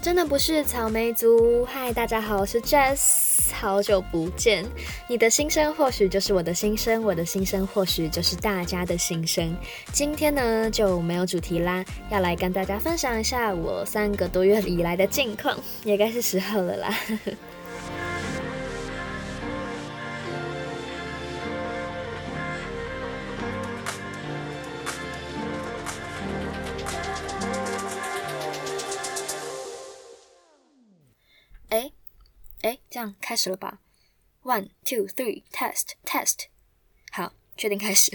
真的不是草莓族。嗨，大家好，我是 Jess，好久不見。你的心聲或許就是我的心聲，我的心聲或許就是大家的心聲。今天呢，就沒有主題啦，要來跟大家分享一下我三個多月以來的近況，也該是時候了啦。 開始了吧，One, two, three, test, test。好，確定開始。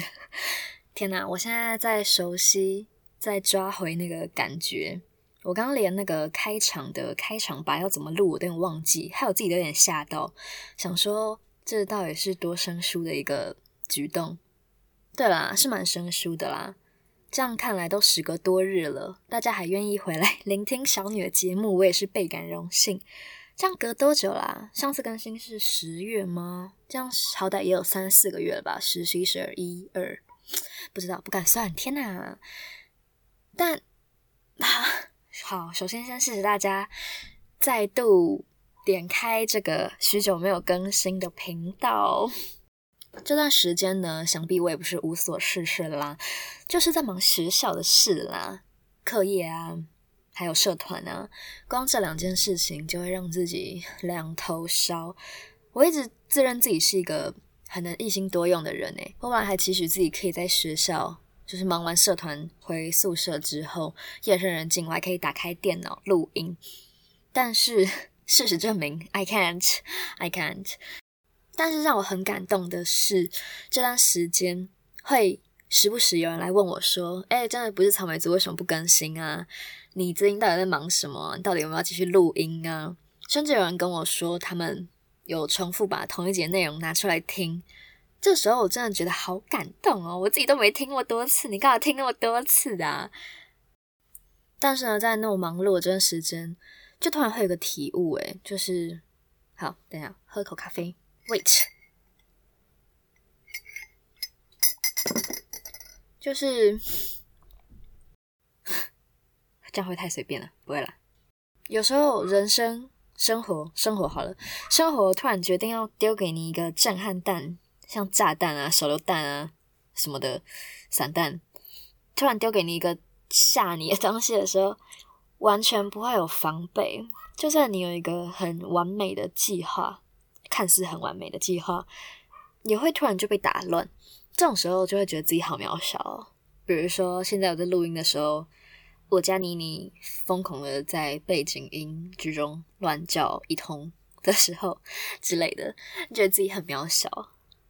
天哪，我現在在熟悉，在抓回那個感覺。我剛剛連那個開場的開場白要怎麼錄，我都有忘記。還有自己都有點嚇到，想說這倒也是多生疏的一個舉動。對啦，是蠻生疏的啦。這樣看來都時隔多日了，大家還願意回來聆聽小女的節目，我也是倍感榮幸。這樣隔多久啦、啊？上次更新是十月嗎？這樣好歹也有三四個月了吧？十、十一、十二、一二，不知道，不敢算。天吶！但、啊、好，首先先謝謝大家再度點開這個許久沒有更新的頻道。 這段時間呢，想必我也不是無所事事啦，就是在忙學校的事啦，課業啊。還有社團啊，光這兩件事情就會讓自己兩頭燒。我一直自認自己是一個很能一心多用的人誒，後來還期許自己可以在學校，就是忙完社團回宿舍之後，夜深人靜，我還可以打開電腦錄音。但是事實證明，I can't，I can't。Can't. 但是讓我很感動的是，這段時間會。時不時有人來問我說：“哎、欸，真的不是草莓族為什麼不更新啊？你最近到底在忙什麼、啊？你到底有沒有繼續錄音啊？”甚至有人跟我說他們有重複把同一節內容拿出來聽。這時候我真的覺得好感動哦，我自己都沒聽過多次，你幹嘛聽那麼多次的、啊？但是呢，在那麼忙碌的這段時間，就突然會有個體悟、欸，哎，就是好，等一下喝一口咖啡，Wait。就是這樣會太隨便了，不會啦。有時候人生、生活、生活好了，生活突然決定要丟給你一個震撼彈，像炸彈啊、手榴彈啊什麼的散彈，突然丟給你一個嚇你的東西的時候，完全不會有防備。就算你有一個很完美的計劃，看似很完美的計劃，也會突然就被打亂。這種時候就會覺得自己好渺小，比如說現在我在錄音的時候，我家妮妮瘋狂的在背景音之中亂叫一通的時候之類的，覺得自己很渺小，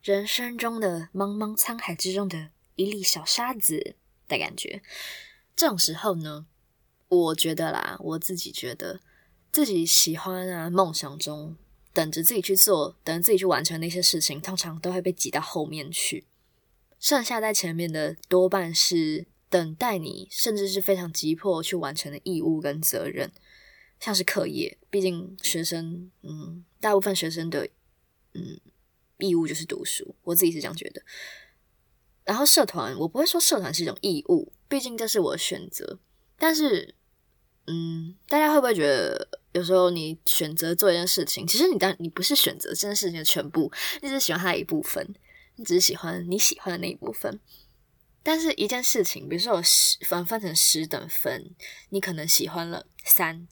人生中的茫茫滄海之中的一粒小沙子的感覺。這種時候呢，我覺得啦，我自己覺得，自己喜歡啊、夢想中等着自己去做、等着自己去完成的那些事情，通常都會被擠到後面去。剩下在前面的多半是等待你，甚至是非常急迫去完成的義務跟責任，像是課業，畢竟學生，嗯，大部分學生的嗯義務就是讀書，我自己是這樣覺得。然後社團，我不會說社團是一種義務，畢竟這是我的選擇。但是，嗯，大家會不會覺得有時候你選擇做一件事情，其實你當你不是選擇這件事情的全部，你只是喜歡它的一部分。你只喜歡你喜歡的那一部分，但是一件事情，比如說我十分分成十等分，你可能喜歡了三，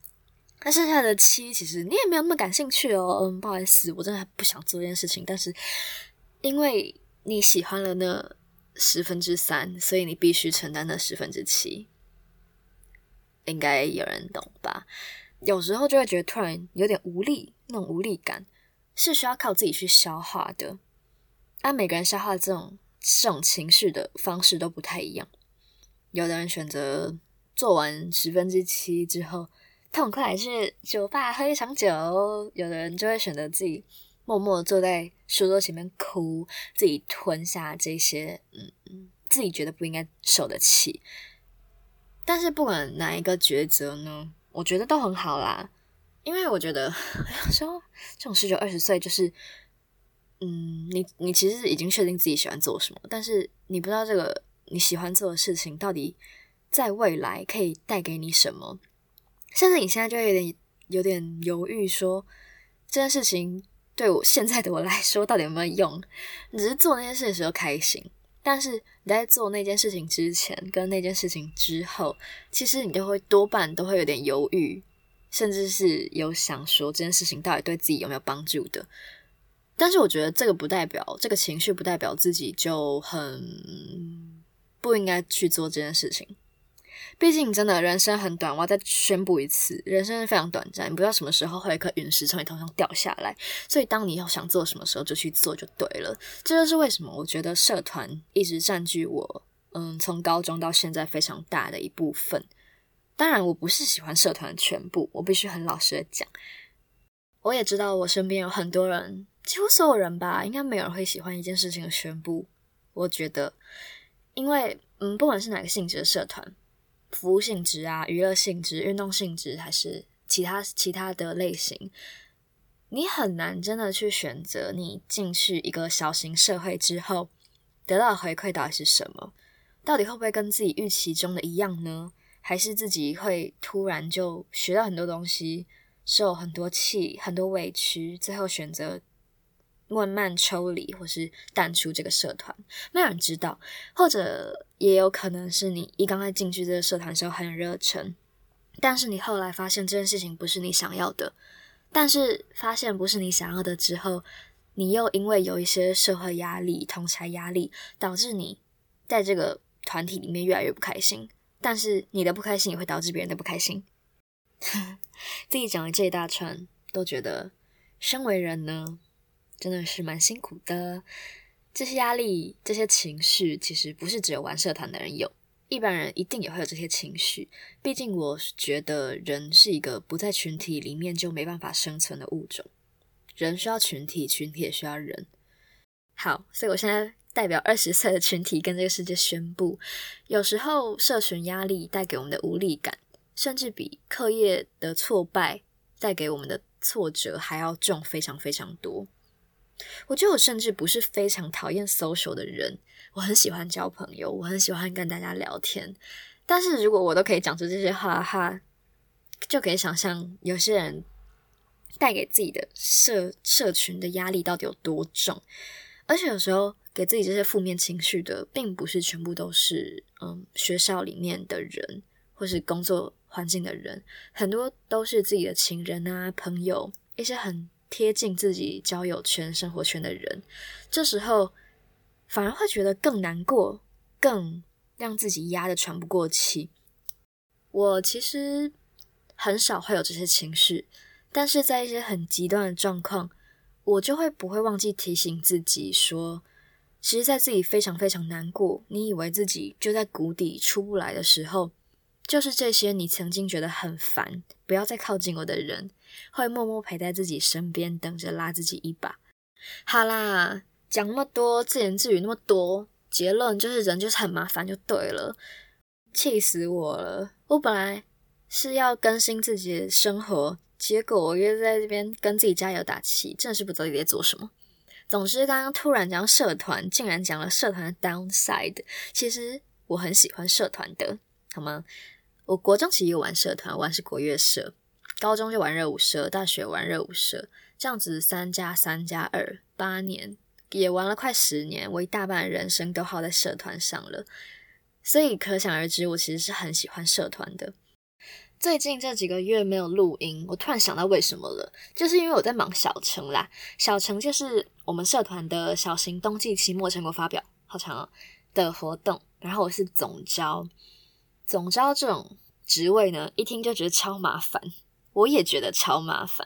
那剩下的七其實你也沒有那麼感興趣哦。嗯，不好意思，我真的還不想做這件事情，但是因為你喜歡了那十分之三，所以你必須承擔那十分之七。應該有人懂吧？有時候就會覺得突然有點無力，那種無力感是需要靠自己去消化的。按、啊、每個人消化這種這種情緒的方式都不太一樣。有的人選擇做完十分之七之後痛快，去酒吧喝一場酒，有的人就會選擇自己默默坐在書桌前面哭，自己吞下這些，嗯，自己覺得不應該受的氣。但是不管哪一個抉擇呢，我覺得都很好啦，因為我覺得 說這種十九、二十歲就是。嗯，你你其實已經確定自己喜歡做什麼，但是你不知道這個你喜歡做的事情到底在未來可以帶給你什麼，甚至你現在就有點有點猶豫說，說這件事情對我現在的我來說到底有沒有用？你只是做那件事的時候開心，但是你在做那件事情之前跟那件事情之後，其實你都會多半都會有點猶豫，甚至是有想說這件事情到底對自己有沒有幫助的。但是我覺得這個不代表，這個情緒不代表自己就很不應該去做這件事情。畢竟真的人生很短，我要再宣布一次，人生非常短暫，你不知道什麼時候會有一顆隕石從你頭上掉下來。所以當你要想做什麼時候就去做就對了。這就是為什麼我覺得社團一直佔據我，嗯，從高中到現在非常大的一部分。當然我不是喜歡社團的全部，我必須很老實的講，我也知道我身邊有很多人。幾乎所有人吧，應該沒有人會喜歡一件事情的宣布。我覺得，因為嗯，不管是哪個性質的社團，服務性質啊、娛樂性質、運動性質，還是其他其他的類型，你很難真的去選擇，你進去一個小型社會之後，得到的回饋到底是什麼？到底會不會跟自己預期中的一樣呢？還是自己會突然就學到很多東西，受很多氣、很多委屈，最後選擇。慢慢抽離，或是淡出這個社團，沒有人知道，或者也有可能是你一剛剛進去這個社團的時候很熱忱，但是你後來發現這件事情不是你想要的，但是發現不是你想要的之後，你又因為有一些社會壓力、同儕壓力，導致你在這個團體裡面越來越不開心，但是你的不開心也會導致別人的不開心。 自己講了這一大串，都覺得身為人呢。真的是蠻辛苦的，這些壓力、這些情緒，其實不是只有玩社團的人有，一般人一定也會有這些情緒。畢竟，我覺得人是一個不在群體裡面就沒辦法生存的物種，人需要群體，群體也需要人。好，所以我現在代表二十歲的群體，跟這個世界宣布，有時候社群壓力帶給我們的無力感，甚至比課業的挫敗帶給我們的挫折還要重，非常非常多。我覺得我甚至不是非常討厭 social 的人，我很喜歡交朋友，我很喜歡跟大家聊天。但是如果我都可以講出這些話，哈，就可以想象有些人帶給自己的社社群的壓力到底有多重。而且有時候給自己這些負面情緒的，並不是全部都是嗯學校裡面的人或是工作環境的人，很多都是自己的情人啊、朋友，一些很。貼近自己交友圈、生活圈的人，這時候反而會覺得更難過，更讓自己壓得喘不過氣。我其實很少會有這些情緒，但是在一些很極端的狀況，我就會不會忘記提醒自己說，其實在自己非常非常難過，你以為自己就在谷底出不來的時候，就是這些你曾經覺得很煩，不要再靠近我的人。會默默陪在自己身邊，等着拉自己一把。好啦，講那麼多，自言自語那麼多，結論就是人就是很麻煩，就對了。氣死我了！我本來是要更新自己的生活，結果我又在這邊跟自己加油打氣，真的是不知道你在做什麼。總之，剛剛突然講社團，竟然講了社團的 downside。其實我很喜歡社團的，好嗎？我國中其實有玩社團，我玩是國樂社。高中就玩熱舞社，大學玩熱舞社，這樣子三加三加二，八年也玩了快十年，我一大半人生都耗在社團上了，所以可想而知，我其實是很喜歡社團的。最近這幾個月沒有錄音，我突然想到為什麼了，就是因為我在忙小城啦。小城就是我們社團的小型冬季期末成果發表，好長啊、哦、的活動，然後我是總召，總召這種職位呢，一聽就覺得超麻煩。我也覺得超麻煩，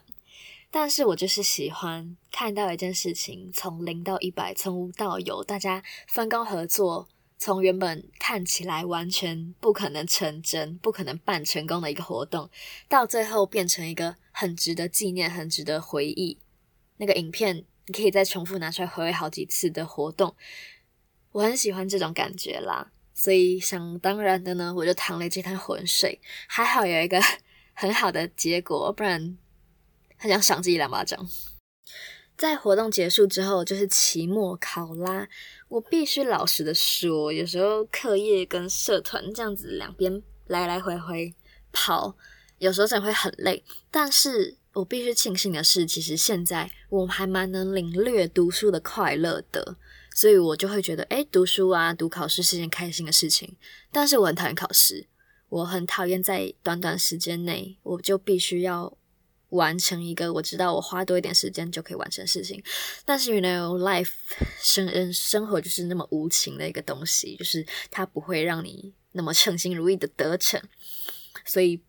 但是我就是喜歡看到一件事情從零到一百，從無到有，大家分工合作，從原本看起來完全不可能成真、不可能辦成功的一個活動，到最後變成一個很值得紀念、很值得回憶，那個影片你可以再重複拿出來回味好幾次的活動，我很喜歡這種感覺啦。所以想當然的呢，我就淌了這灘渾水，還好有一個。很好的結果，不然很想賞自己兩巴掌。在活動結束之後，就是期末考啦。我必須老實的說，有時候課業跟社團這樣子兩邊來來回回跑，有時候真的會很累。但是我必須慶幸的是，其實現在我還蠻能領略讀書的快樂的，所以我就會覺得，誒，讀書啊，讀考試是件開心的事情。但是我很討厭考試。我很討厭在短短時間內，我就必須要完成一個我知道我花多一點時間就可以完成的事情。但是原來 life 生生活就是那麼無情的一個東西，就是它不會讓你那麼稱心如意的得逞。所以，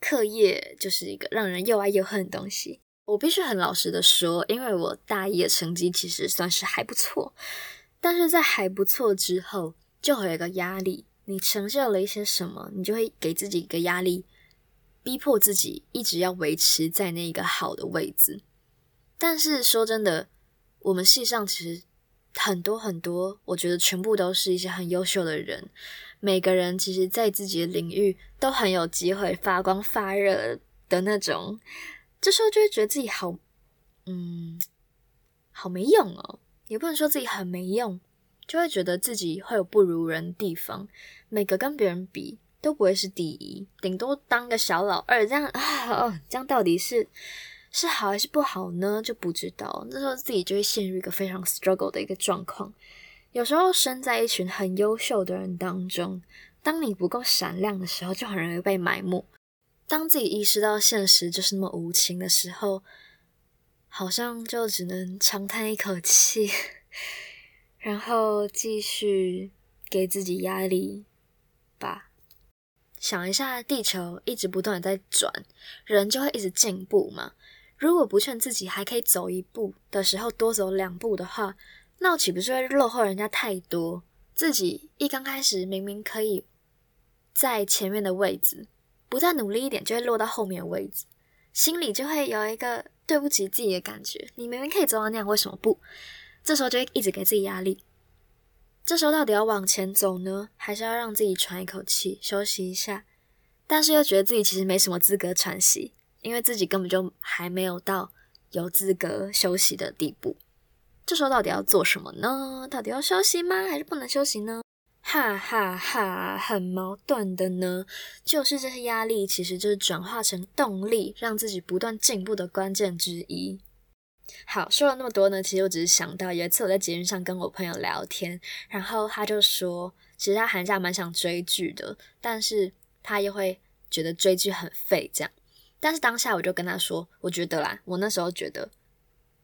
課業就是一個讓人又愛又恨的東西。我必須很老實的說，因為我大一的成績其實算是還不錯，但是在還不錯之後，就會有一個壓力。你承受了一些什麼，你就會給自己一個壓力，逼迫自己一直要維持在那一個好的位置。但是說真的，我們系上其實很多很多，我覺得全部都是一些很優秀的人。每個人其實，在自己的領域都很有機會發光發熱的那種。這時候就會覺得自己好，嗯，好沒用哦。也不能說自己很沒用。就會覺得自己會有不如人的地方，每個跟別人比都不會是第一，頂多當個小老二這樣啊、哦哦，這樣到底是是好還是不好呢？就不知道。那時候自己就會陷入一個非常 struggle 的一個狀況。有時候身在一群很優秀的人當中，當你不夠閃亮的時候，就很容易被埋沒。當自己意識到現實就是那麼無情的時候，好像就只能長嘆一口氣。然後繼續給自己壓力吧。想一下，地球一直不斷地在轉，人就會一直進步嘛。如果不趁自己還可以走一步的時候多走兩步的話，那我豈不是會落後人家太多？自己一剛開始明明可以在前面的位置，不再努力一點就會落到後面的位置，心裡就會有一個對不起自己的感覺。你明明可以做到那樣，為什麼不？這時候就會一直給自己壓力。這時候到底要往前走呢？還是要讓自己喘一口氣，休息一下？但是又覺得自己其實沒什麼資格喘息，因為自己根本就還沒有到有資格休息的地步。這時候到底要做什麼呢？到底要休息嗎？還是不能休息呢？哈哈哈，很矛盾的呢。就是這些壓力，其實就是轉化成動力，讓自己不斷進步的關鍵之一。好，說了那麼多呢，其實我只是想到有一次我在捷運上跟我朋友聊天，然後他就說，其實他寒假蠻想追劇的，但是他又會覺得追劇很廢這樣。但是當下我就跟他說，我覺得啦，我那時候覺得，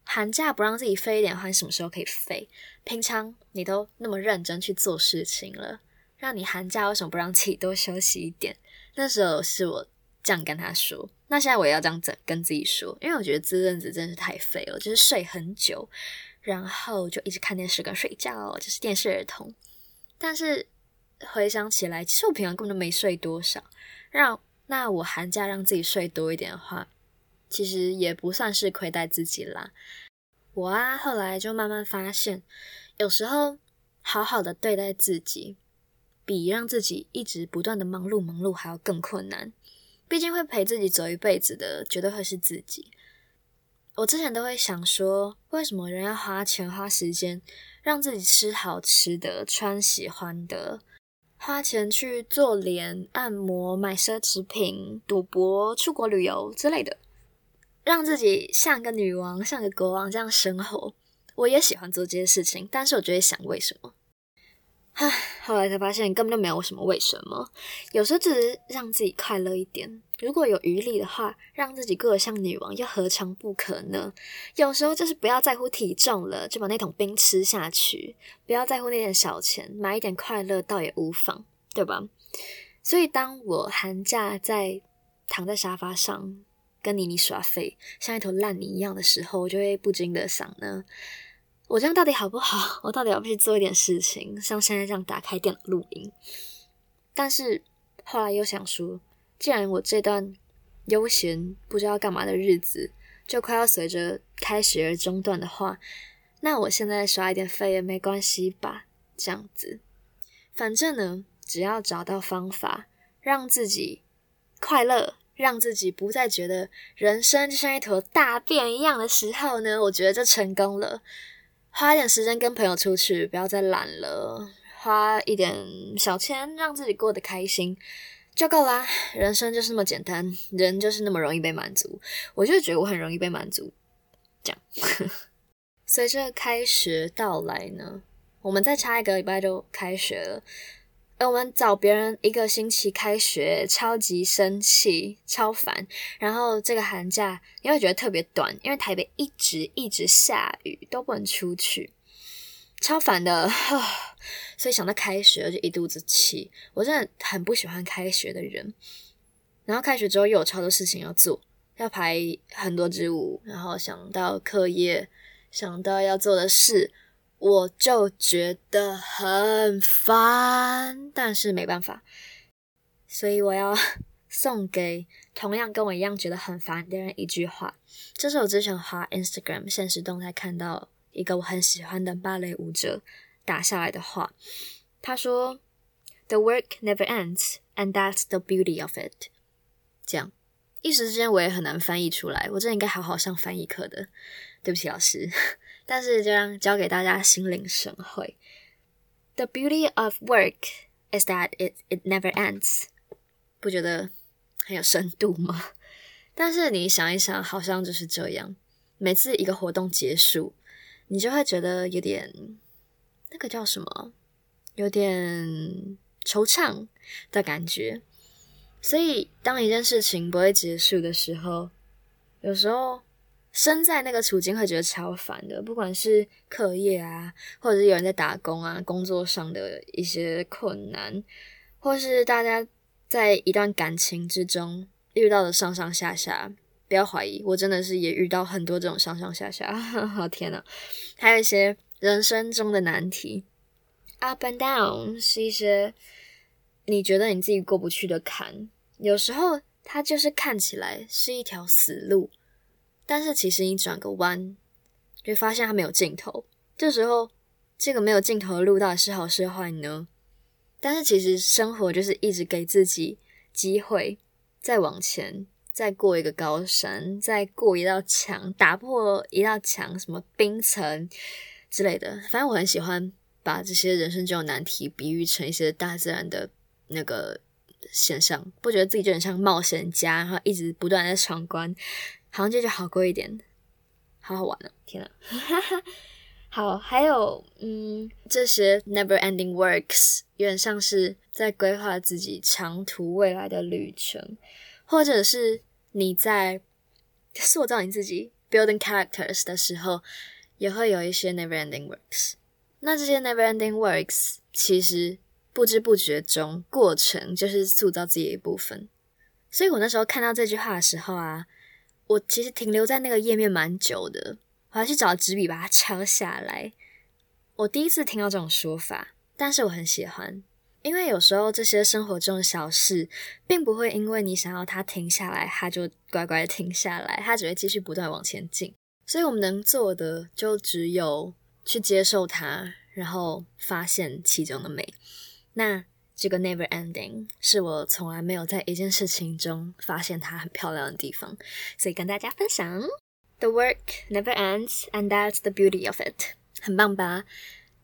寒假不讓自己廢一點的話，你什麼時候可以廢？平常你都那麼認真去做事情了，讓你寒假為什麼不讓自己多休息一點？那時候是我。這樣跟他說。那現在我也要這樣子跟自己說，因為我覺得這陣子真是太廢了，就是睡很久，然後就一直看電視跟睡覺，就是電視兒童。但是回想起來，其實我平常根本沒睡多少。讓那我寒假讓自己睡多一點的話，其實也不算是虧待自己啦。我啊，後來就慢慢發現，有時候好好的對待自己，比讓自己一直不斷的忙碌忙碌還要更困難。畢竟會陪自己走一輩子的，絕對會是自己。我之前都會想說，為什麼人要花錢、花時間，讓自己吃好吃的、穿喜歡的，花錢去做臉、按摩、買奢侈品、賭博、出國旅遊之類的，讓自己像個女王、像個國王這樣生活。我也喜歡做這些事情，但是我就會想，為什麼？唉，後來才發現根本就沒有什麼為什麼，有時候只是讓自己快樂一點。如果有餘力的話，讓自己過得像女王又何嘗不可呢？有時候就是不要在乎體重了，就把那桶冰吃下去；不要在乎那點小錢，買一點快樂倒也無妨，對吧？所以，當我寒假在躺在沙發上跟妮妮耍廢，像一頭爛泥一樣的時候，我就會不禁的想呢。我這樣到底好不好？我到底要不去做一點事情，像現在這樣打開電腦錄音？但是後來又想說，既然我這段悠閒不知道幹嘛的日子就快要隨着開學而中斷的話，那我現在耍一點廢也沒關係吧？這樣子，反正呢，只要找到方法讓自己快樂，讓自己不再覺得人生就像一坨大便一樣的時候呢，我覺得就成功了。花一點時間跟朋友出去，不要再懶了。花一點小錢讓自己過得開心，就夠啦。人生就是那麼簡單，人就是那麼容易被滿足。我就覺得我很容易被滿足。這樣，隨 着開學到來呢，我們再差一個禮拜就開學了。我們找別人一個星期開學，超級生氣、超煩。然後這個寒假因為覺得特別短，因為台北一直一直下雨，都不能出去，超煩的，哈。所以想到開學，就一肚子氣。我真的很不喜歡開學的人。然後開學之後又有超多事情要做，要排很多支舞，然後想到課業，想到要做的事。我就覺得很煩，但是沒辦法，所以我要送給同樣跟我一樣覺得很煩的人一句話。這是我之前畫 Instagram 現實動態看到一個我很喜歡的芭蕾舞者打下來的話。他說：“The work never ends, and that's the beauty of it。”這樣，一時之間我也很難翻譯出來。我真的應該好好上翻譯課的，對不起老師。但是就這樣教給大家心領神會。The beauty of work is that it it never ends。不覺得很有深度嗎？ 但是你想一想，好像就是這樣。每次一個活動結束，你就會覺得有點那個叫什麼，有點惆悵的感覺。所以，當一件事情不會結束的時候，有時候。身在那個處境會覺得超煩的，不管是課業啊，或者是有人在打工啊，工作上的一些困難，或是大家在一段感情之中遇到的上上下下，不要懷疑，我真的是也遇到很多這種上上下下。哈哈，天吶。還有一些人生中的難題，up and down 是一些你覺得你自己過不去的坎，有時候它就是看起來是一條死路。但是其實你轉個彎，就發現它沒有盡頭。這時候，這個沒有盡頭的路到底是好是壞呢？但是其實生活就是一直給自己機會，再往前，再過一個高山，再過一道牆，打破一道牆，什麼冰層之類的。反正我很喜歡把這些人生這種難題比喻成一些大自然的那個現象，不覺得自己就很像冒險家，然後一直不斷在闖關。好像這就好過一點，好好玩了，啊！天啊，哈哈， 好，還有，嗯，這些 never ending works 有點像是在規劃自己長途未來的旅程，或者是你在塑造你自己 building characters 的時候，也會有一些 never ending works。那這些 never ending works 其實不知不覺中，過程就是塑造自己的一部分。所以我那時候看到這句話的時候啊，我其實停留在那個頁面蠻久的，我還去找紙筆把它抄下來。我第一次聽到這種說法，但是我很喜歡，因為有時候這些生活中的小事，並不會因為你想要它停下來，它就乖乖的停下來，它只會繼續不斷往前進。所以我們能做的，就只有去接受它，然後發現其中的美。那。這個 never ending 是我從來沒有在一件事情中發現它很漂亮的地方，所以跟大家分享，The work never ends and that's the beauty of it，很棒吧？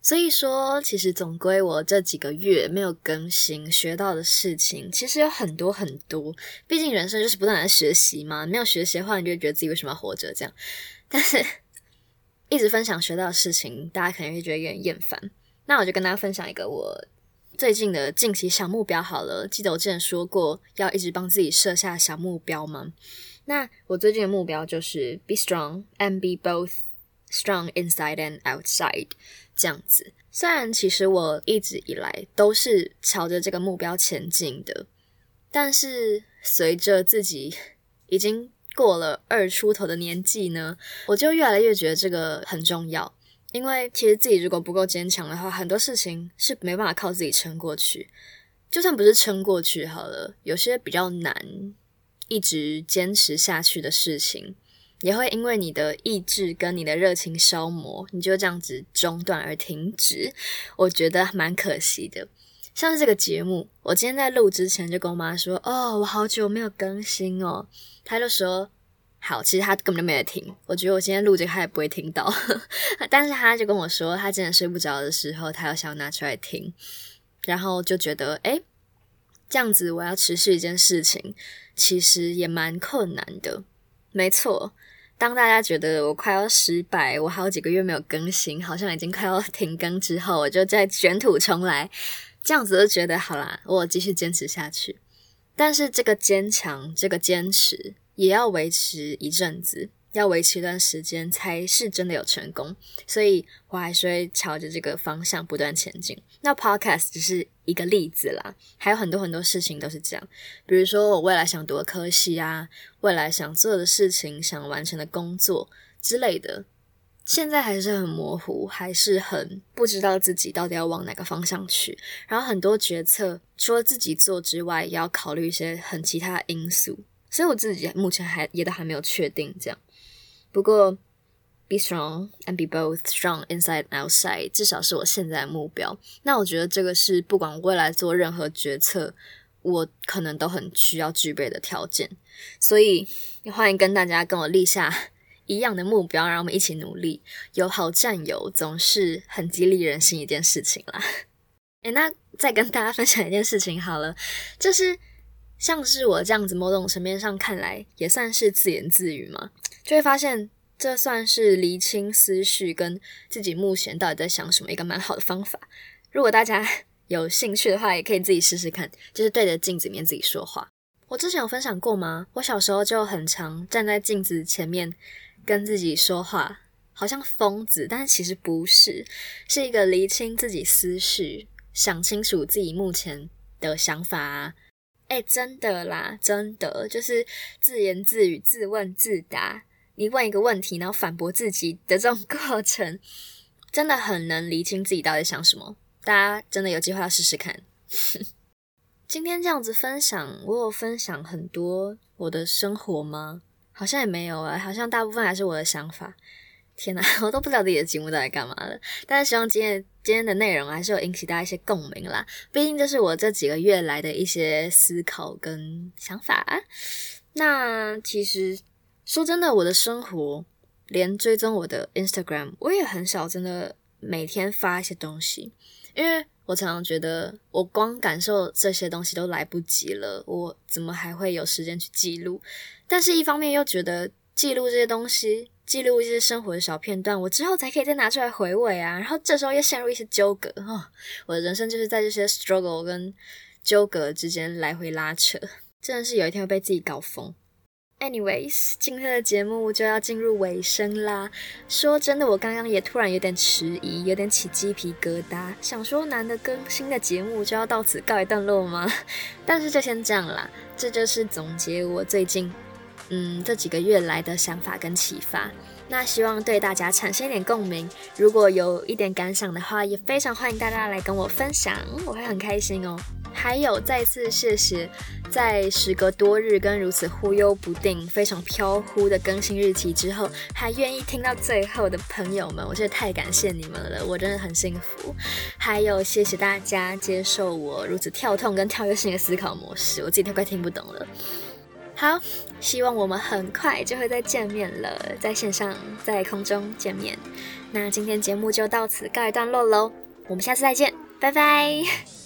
所以說，其實總歸我這幾個月沒有更新學到的事情，其實有很多很多。畢竟人生就是不斷在學習嘛，沒有學習的話，你就會覺得自己為什麼要活着這樣？但是一直分享學到的事情，大家可能會覺得有點厭煩。那我就跟大家分享一個我。最近的近期小目標好了，記得我之前說過要一直幫自己設下小目標嗎？那我最近的目標就是 be strong and be both strong inside and outside 這樣子。雖然其實我一直以來都是朝着這個目標前進的，但是隨着自己已經過了二出頭的年紀呢，我就越來越覺得這個很重要。因為其實自己如果不夠堅強的話，很多事情是沒辦法靠自己撐過去。就算不是撐過去好了，有些比較難一直堅持下去的事情，也會因為你的意志跟你的熱情消磨，你就這樣子中斷而停止。我覺得蠻可惜的。像是這個節目，我今天在錄之前就跟我媽說：“哦，我好久沒有更新哦。”她就說。好，其實他根本就沒有聽。我覺得我今天錄這個他也不會聽到，呵呵，但是他就跟我說，他今天睡不着的時候，他又想拿出來聽，然後就覺得，誒，這樣子我要持續一件事情，其實也蠻困難的。沒錯，當大家覺得我快要失敗，我還有幾個月沒有更新，好像已經快要停更之後，我就再捲土重來，這樣子就覺得，好啦，我繼續堅持下去。但是這個堅強，這個堅持，也要維持一陣子，要維持一段時間才是真的有成功，所以我還是會朝着這個方向不斷前進。那 Podcast 只是一個例子啦，還有很多很多事情都是這樣。比如說我未來想讀的科系啊，未來想做的事情、想完成的工作之類的，現在還是很模糊，還是很不知道自己到底要往哪個方向去。然後很多決策除了自己做之外，也要考慮一些很其他的因素。所以我自己目前還也都還沒有確定這樣，不過 be strong and be both strong inside and outside，至少是我現在的目標。那我覺得這個是不管未來做任何決策，我可能都很需要具備的條件。所以也歡迎跟大家跟我立下一樣的目標，讓我們一起努力。有好戰友總是很激勵人心一件事情啦。誒，那再跟大家分享一件事情好了，就是。像是我這樣子某種層面上看來也算是自言自語嘛，就會發現這算是釐清思緒跟自己目前到底在想什麼一個蠻好的方法。如果大家有興趣的話，也可以自己試試看，就是對着鏡子裡面自己說話。我之前有分享過嗎？我小時候就很常站在鏡子前面跟自己說話，好像瘋子，但是其實不是，是一個釐清自己思緒、想清楚自己目前的想法啊。哎、欸，真的啦，真的就是自言自語、自問自答。你問一個問題，然後反駁自己的這種過程，真的很能釐清自己到底想什麼。大家真的有機會要試試看。 今天這樣子分享，我有分享很多我的生活嗎？好像也沒有啊、欸，好像大部分還是我的想法。天吶，我都不知道自己的節目在幹嘛了。但是希望今天今天的內容還是有引起大家一些共鳴啦。畢竟這是我這幾個月來的一些思考跟想法。那其實說真的，我的生活連追蹤我的 Instagram，我也很少真的每天發一些東西，因為我常常覺得我光感受這些東西都來不及了，我怎麼還會有時間去記錄？但是一方面又覺得記錄這些東西。記錄一些生活的小片段，我之後才可以再拿出來回味啊。然後這時候又陷入一些糾葛，哦，我的人生就是在這些 struggle 跟糾葛之間來回拉扯，真的是有一天會被自己搞瘋。Anyways，今天的節目就要進入尾聲啦。說真的，我剛剛也突然有點遲疑，有點起雞皮疙瘩，想說難得更新的節目就要到此告一段落嗎？但是就先這樣啦，這就是總結我最近。嗯，這幾個月來的想法跟啟發，那希望對大家產生一點共鳴。如果有一點感想的話，也非常歡迎大家來跟我分享，我會很開心哦。還有，再次謝謝，在時隔多日跟如此忽悠不定、非常飄忽的更新日期之後，還願意聽到最後的朋友們，我真的太感謝你們了，我真的很幸福。還有，謝謝大家接受我如此跳痛跟跳躍性的思考模式，我自己都快聽不懂了。好，希望我們很快就會再見面了，在線上、在空中見面。那今天節目就到此告一段落嘍，我們下次再見，拜拜。